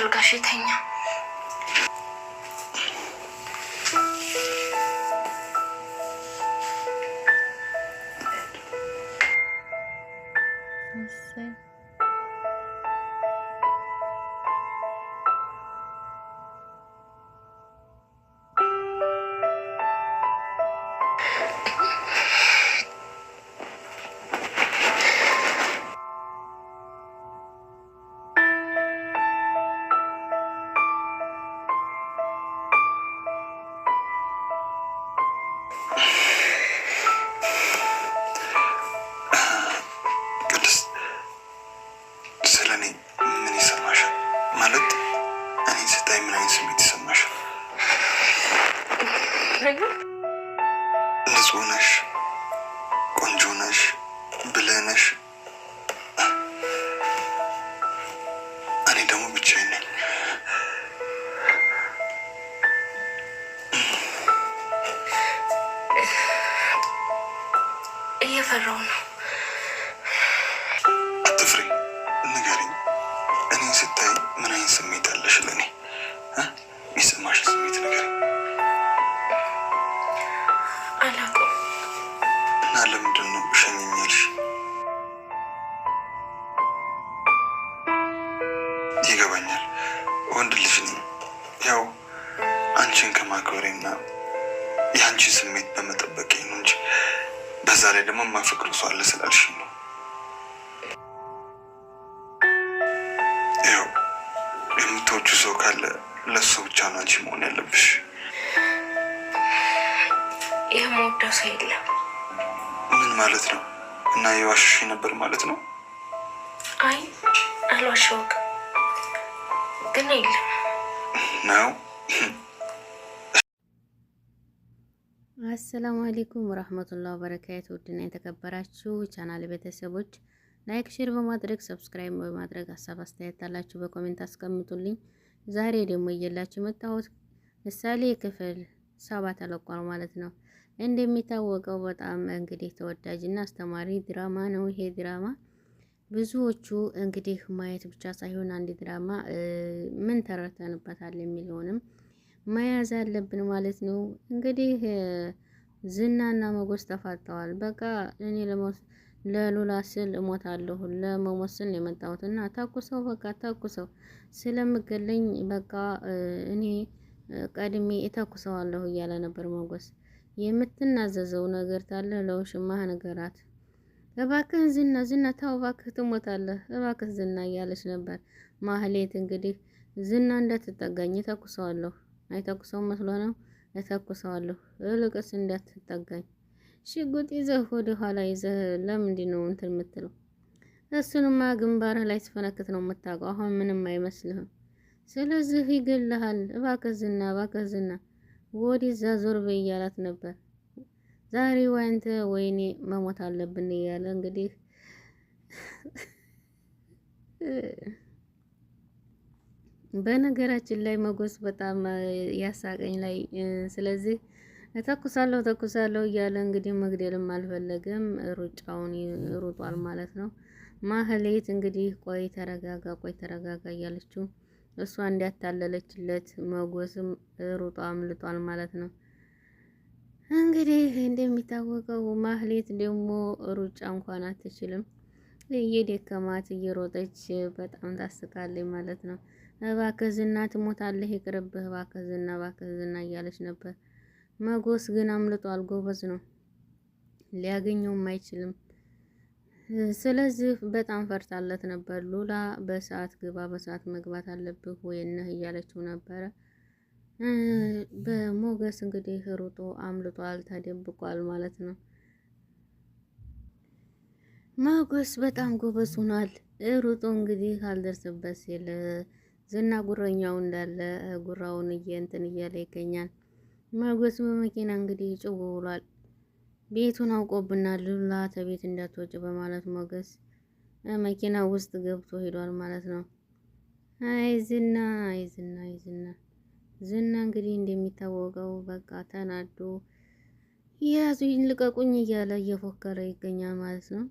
አልጋሽ የተኛ ቅድስት ስለ እኔ ምን ይሰማሻል? ማለት እኔ ስታይ ምን አይነት ስሜት ይሰማሻል? ንጹህ ነሽ፣ ቆንጆ ነሽ፣ ብልህ ነሽ። እኔ ደግሞ ብቻዬን ነኝ። እየፈራው ነው። አትፍሬ፣ ንገሪኝ። እኔን ስታይ ምን አይነት ስሜት አለሽ? ለእኔ የሚሰማሽ ስሜት ንገሪኝ። አላውቅም። እና ለምንድን ነው ሸኝኛልሽ? ዛሬ ደግሞ የማፈቅር ሰው አለ ስላልሽ ነው። ያው የምትወጁ ሰው ካለ ለሱ ብቻ ነው አንቺ መሆን ያለብሽ። ይህ መወዳው ሰው የለም። ምን ማለት ነው? እና የዋሸሽ ነበር ማለት ነው? አይ አልዋሸውም፣ ግን የለም ነው አሰላሙ አሌይኩም ወራህመቱላህ ወበረካቱ። ውድና የተከበራችሁ ቻናል ቤተሰቦች ላይክ፣ ሼር በማድረግ ሰብስክራይብ በማድረግ ሀሳብ አስተያየት አላችሁ በኮሜንት አስቀምጡልኝ። ዛሬ ደግሞ እየላችሁ የመጣሁት ምሳሌ ክፍል ሰባ ተለቋል ማለት ነው። እንደሚታወቀው በጣም እንግዲህ ተወዳጅና አስተማሪ ድራማ ነው ይሄ ድራማ። ብዙዎቹ እንግዲህ ማየት ብቻ ሳይሆን አንድ ድራማ ምን ተረተንበታል የሚለውንም መያዝ አለብን ማለት ነው። እንግዲህ ዝናና መጎስ ተፋጠዋል። በቃ እኔ ለሉላ ስል እሞታለሁ ለመሞት ስል የመጣሁት እና ተኩሰው በቃ ተኩሰው ስለምገለኝ በቃ እኔ ቀድሜ እተኩሰዋለሁ እያለ ነበር መጎስ። የምትናዘዘው ነገር ታለ ለውሽማህ ነገራት። እባክህ ዝና ዝና ታው እባክህ ትሞታለህ እባክህ ዝና እያለች ነበር ማህሌት። እንግዲህ ዝና እንዳትጠጋኝ ተኩሰዋለሁ አይተኩሰው መስሎ ነው። እተኩሰዋለሁ። እልቅስ እንዳትጠጋኝ። ሽጉጥ ይዘህ ወደ ኋላ ይዘህ ለምንድን ነው እንትን የምትለው? እሱንማ ግንባር ላይ ስፈነክት ነው የምታውቀው። አሁን ምንም አይመስልህም። ስለዚህ ይገልሃል። እባክህ ዝና፣ እባክህ ዝና ወዲዛ ዞር በይ እያላት ነበር። ዛሬ ወንተ ወይኔ መሞት አለብን እያለ እንግዲህ በነገራችን ላይ መጎስ በጣም ያሳቀኝ ላይ ስለዚህ ተኩሳለሁ ተኩሳለሁ እያለ እንግዲህ መግደልም አልፈለገም። ሩጫውን ሩጧል ማለት ነው። ማህሌት እንግዲህ ቆይ ተረጋጋ፣ ቆይ ተረጋጋ እያለችው እሷ እንዲያታለለችለት መጎስም ሩጧ አምልጧል ማለት ነው። እንግዲህ እንደሚታወቀው ማህሌት ደግሞ ሩጫ እንኳን አትችልም። እየደከማት እየሮጠች በጣም ታስቃለች ማለት ነው። እባክህ ዝና ትሞታለህ፣ ይቅርብህ፣ እባክህ ዝና፣ እባክህ ዝና እያለች ነበር። መጎስ ግን አምልጧል። ጎበዝ ነው፣ ሊያገኘውም አይችልም። ስለዚህ በጣም ፈርታለት ነበር። ሉላ በሰዓት ግባ፣ በሰዓት መግባት አለብህ ወይነህ እያለችው ነበረ። በሞገስ እንግዲህ ሩጦ አምልጧል፣ ተደብቋል ማለት ነው። መጎስ በጣም ጎበዝ ሆኗል። ሩጦ እንግዲህ አልደርስበት ሲል ዝና ጉረኛው እንዳለ ጉራውን እየእንትን እያለ ይገኛል። ሞገስ በመኪና እንግዲህ ጭው ብሏል። ቤቱን አውቆብና ሉላ ተቤት እንዳትወጭ በማለት ሞገስ መኪና ውስጥ ገብቶ ሄዷል ማለት ነው። አይ ዝና አይ ዝና አይ ዝና ዝና እንግዲህ እንደሚታወቀው በቃ ተናዶ የያዙኝ ልቀቁኝ እያለ እየፎከረ ይገኛል ማለት ነው።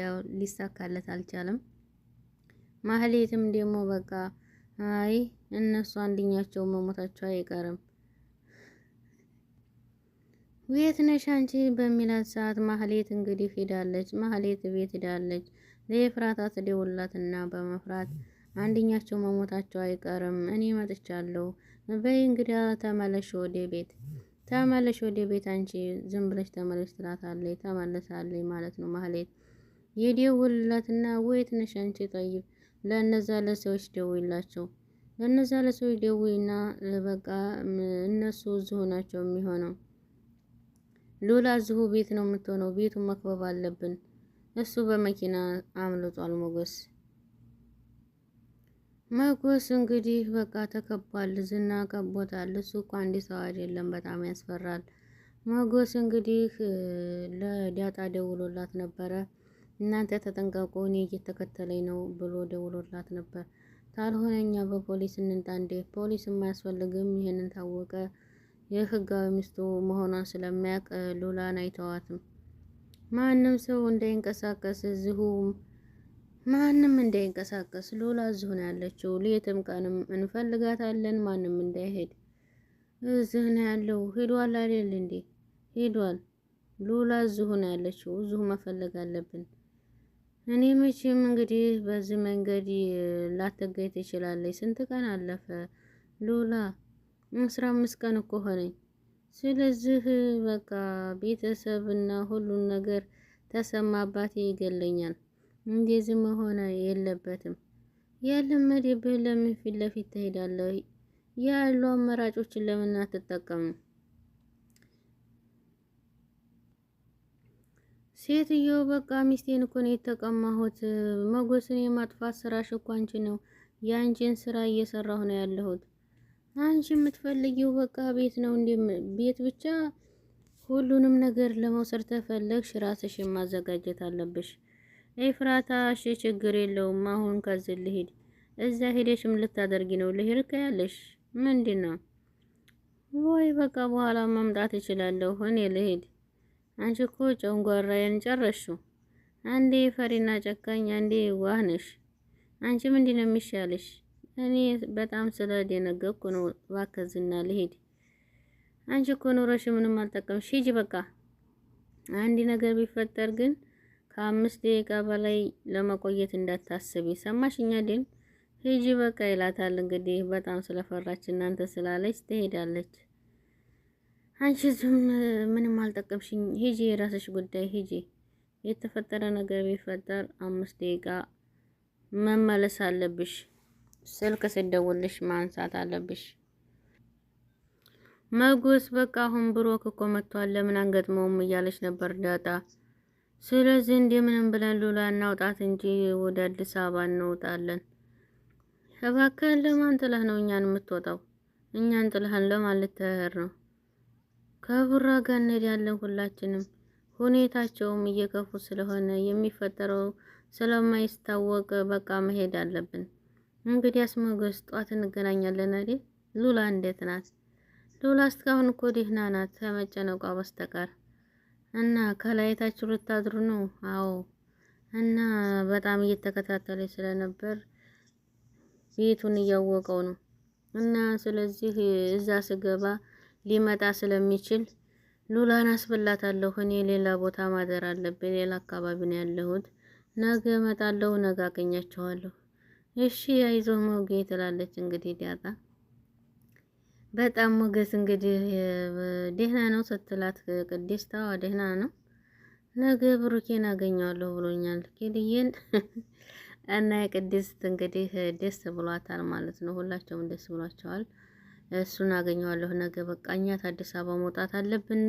ያው ሊሳካለት አልቻለም። ማህሌትም ደግሞ በቃ አይ እነሱ አንድኛቸው መሞታቸው አይቀርም ቤት ነሽ አንቺ በሚላት ሰዓት ማህሌት እንግዲህ ሄዳለች። ማህሌት ቤት ሄዳለች። ለኤፍራታ ትደውላትና በመፍራት አንድኛቸው መሞታቸው አይቀርም እኔ መጥቻለሁ፣ በይ እንግዲህ ተመለሽ ወደ ቤት ተመለሽ ወደ ቤት አንቺ ዝም ብለሽ ተመለሽ ትላታለች። ተመለሳለች ማለት ነው። ማህሌት የደውልላትና ወይት ነሽ አንቺ ጠይብ ለእነዛ ለሰዎች ደውላቸው። ለእነዛ ለሰዎች ደውይና በቃ እነሱ እዚሁ ናቸው የሚሆነው። ሉላ እዚሁ ቤት ነው የምትሆነው። ቤቱ መክበብ አለብን። እሱ በመኪና አምልጧል። ሞገስ መጎስ እንግዲህ በቃ ተከቧል። ዝና ከቦታል። እሱ እኮ አንድ ሰው አይደለም፣ በጣም ያስፈራል። መጎስ እንግዲህ ለዳጣ ደውሎላት ነበረ። እናንተ ተጠንቀቁ፣ እኔ እየተከተለኝ ነው ብሎ ደውሎላት ነበር። ካልሆነ እኛ በፖሊስ እንንጣ እንዴ? ፖሊስ የማያስፈልግም። ይህንን ታወቀ። የህጋዊ ሚስቱ መሆኗን ስለሚያውቅ ሉላን አይተዋትም። ማንም ሰው እንዳይንቀሳቀስ እዚሁ ማንም እንዳይንቀሳቀስ ሉላ እዚሁ ነው ያለችው። ሌትም ቀንም እንፈልጋታለን። ማንም እንዳይሄድ እዚህ ነው ያለው። ሄዷል አይደል እንዴ? ሄዷል። ሉላ እዚሁ ነው ያለችው። እዚሁ መፈለግ አለብን። እኔ መቼም እንግዲህ በዚህ መንገድ ላተገኝ ትችላለች። ስንት ቀን አለፈ ሉላ? አስራ አምስት ቀን እኮ ሆነኝ። ስለዚህ በቃ ቤተሰብና ሁሉን ነገር ተሰማባት ይገለኛል። እንደዚህ መሆን የለበትም። ያለመደብህን ለምን ፊት ለፊት ትሄዳለህ? ያሉ አማራጮችን ለምን አትጠቀምም? ሴትየው በቃ ሚስቴን እኮ ነው የተቀማሁት። መጎስን የማጥፋት ስራሽ እኮ አንቺ ነው። የአንቺን ስራ እየሰራሁ ነው ያለሁት። አንቺ የምትፈልጊው በቃ ቤት ነው እንዴ? ቤት ብቻ ሁሉንም ነገር ለመውሰድ ተፈለግሽ፣ ራስሽ ማዘጋጀት አለብሽ። ኤፍራታ እሺ፣ ችግር የለውም አሁን ከዚህ ልሂድ። እዛ ሄደሽም ልታደርጊ ነው? ልሂድ ከያለሽ ምንድን ነው ወይ? በቃ በኋላ መምጣት እችላለሁ እኔ ልሂድ አንቺ እኮ ጨንጓራዬን ጨረሽው። አንዴ ፈሪና ጨካኝ፣ አንዴ ዋህ ነሽ። አንቺ ምንድን ነው የሚሻለሽ? እኔ በጣም ስለደነገኩ ነው። ባከዝና ልሄድ። አንቺ እኮ ኑሮሽ ምንም አልጠቀምሽ። ሂጂ በቃ። አንድ ነገር ቢፈጠር ግን ከአምስት ደቂቃ በላይ ለመቆየት እንዳታስብ፣ ሰማሽኛ ድን ሂጂ በቃ ይላታል። እንግዲህ በጣም ስለፈራች እናንተ ስላለች ትሄዳለች። አንቺ ዝም ምንም አልጠቀምሽኝ፣ ሂጂ የራስሽ ጉዳይ ሂጂ። የተፈጠረ ነገር ቢፈጠር አምስት ደቂቃ መመለስ አለብሽ። ስልክ ስደውልሽ ማንሳት አለብሽ። መጎስ በቃ አሁን ብሮክ እኮ መጥቷል፣ ለምን አንገጥመውም እያለች ነበር ዳጣ። ስለዚህ እንደምንም ብለን ሉላ እናውጣት እንጂ ወደ አዲስ አበባ እንውጣለን። እባክህን ለማን ጥለህ ነው እኛን የምትወጣው? እኛን ጥለህን ለማን ልትሄድ ነው? ከቡራ ጋር እንሄዳለን። ሁላችንም ሁኔታቸውም እየከፉ ስለሆነ የሚፈጠረው ስለማይታወቅ በቃ መሄድ አለብን። እንግዲያስ ሞገስ ጧት እንገናኛለን አይደል? ሉላ እንዴት ናት? ሉላ እስካሁን እኮ ደህና ናት ከመጨነቋ በስተቀር እና ከላይታችሁ ልታድሩ ነው? አዎ። እና በጣም እየተከታተለ ስለነበር ቤቱን እያወቀው ነው እና ስለዚህ እዛ ስገባ ሊመጣ ስለሚችል ሉላን አስብላታለሁ። እኔ ሌላ ቦታ ማደር አለብኝ። ሌላ አካባቢ ነው ያለሁት። ነገ እመጣለሁ። ነገ አገኛቸዋለሁ። እሺ አይዞ ሞጌ ትላለች። እንግዲህ ዲያጣ በጣም ሞገስ እንግዲህ ደህና ነው ስትላት፣ ቅድስት ታዋ ደህና ነው፣ ነገ ብሩኬን አገኘዋለሁ ብሎኛል ኬልዬን እና የቅድስት እንግዲህ ደስ ብሏታል ማለት ነው። ሁላቸውም ደስ ብሏቸዋል። እሱን አገኘዋለሁ ነገ። በቃ እኛ አዲስ አበባ መውጣት አለብን።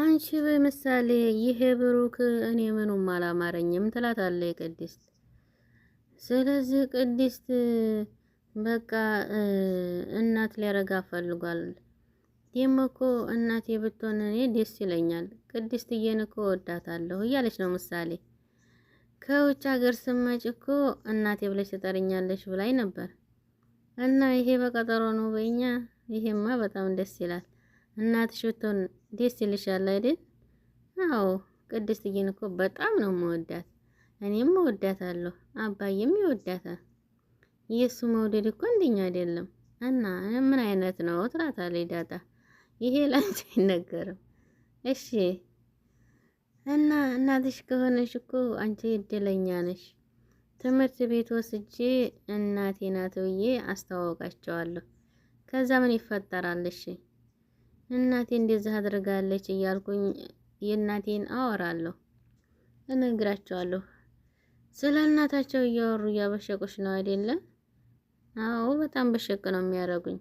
አንቺ በምሳሌ ይሄ ብሩክ እኔ ምኑም አላማረኝም ትላታለች ቅድስት። ስለዚህ ቅድስት በቃ እናት ሊያረጋ ፈልጓል። ይህም እኮ እናቴ ብትሆን እኔ ደስ ይለኛል፣ ቅድስትዬን እኮ ወዳታለሁ እያለች ነው ምሳሌ ከውጭ ሀገር ስመጭ እኮ እናቴ ብለሽ ትጠርኛለሽ ብላኝ ነበር እና ይሄ በቀጠሮ ነው በኛ። ይሄማ በጣም ደስ ይላል። እናትሽ ብትሆን ደስ ይልሻል አይደል? አዎ ቅድስትዬን እኮ በጣም ነው መወዳት። እኔም እወዳታለሁ፣ አባዬም ይወዳታል። የእሱ መውደድ እኮ እንደኛ አይደለም። እና ምን አይነት ነው ትላታለች ዳጣ። ይሄ ላንቺ አይነገርም። እሺ እና እናትሽ ከሆነሽ እኮ አንቺ እድለኛ ነሽ። ትምህርት ቤት ወስጄ እናቴ ናት ብዬ አስተዋወቃቸዋለሁ። ከዛ ምን ይፈጠራልሽ? እናቴ እንደዚህ አድርጋለች እያልኩኝ የእናቴን አወራለሁ፣ እነግራቸዋለሁ። ስለ እናታቸው እያወሩ እያበሸቁሽ ነው አይደለም? አዎ፣ በጣም በሸቅ ነው የሚያደርጉኝ።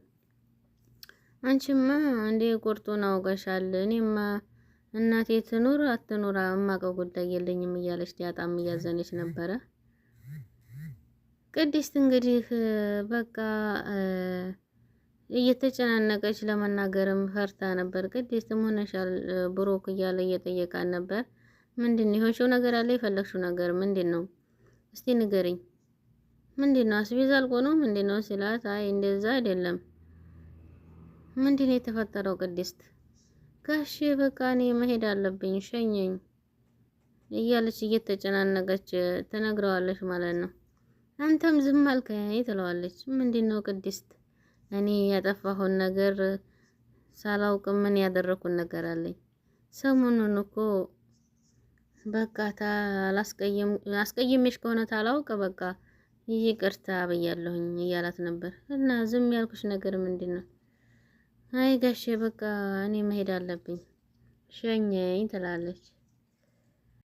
አንቺማ እንዴ ቁርጡን አውቀሻል። እኔማ እናቴ ትኑር አትኑር የማውቀው ጉዳይ የለኝም እያለች ዳጣም እያዘነች ነበረ። ቅድስት እንግዲህ በቃ እየተጨናነቀች ለመናገርም ፈርታ ነበር። ቅድስትም ሆነሻል ብሮክ እያለ እየጠየቃን ነበር። ምንድን ነው የሆንሽው ነገር አለ? የፈለግሽው ነገር ምንድን ነው? እስቲ ንገሪኝ። ምንድን ነው አስቤዛ አልቆ ነው ምንድን ነው ሲላት፣ አይ እንደዛ አይደለም። ምንድን ነው የተፈጠረው ቅድስት ጋሼ በቃ እኔ መሄድ አለብኝ ሸኘኝ እያለች እየተጨናነቀች ትነግረዋለች ማለት ነው። አንተም ዝም አልከኝ ትለዋለች። ምንድን ነው ቅድስት፣ እኔ ያጠፋሁን ነገር ሳላውቅ ምን ያደረኩን ነገር አለኝ። ሰሞኑን እኮ በቃ አስቀየሜሽ ከሆነ ታላውቅ በቃ ይቅርታ ብያለሁኝ እያላት ነበር። እና ዝም ያልኩሽ ነገር ምንድን ነው? አይ ጋሼ በቃ እኔ መሄድ አለብኝ ሸኘኝ ትላለች።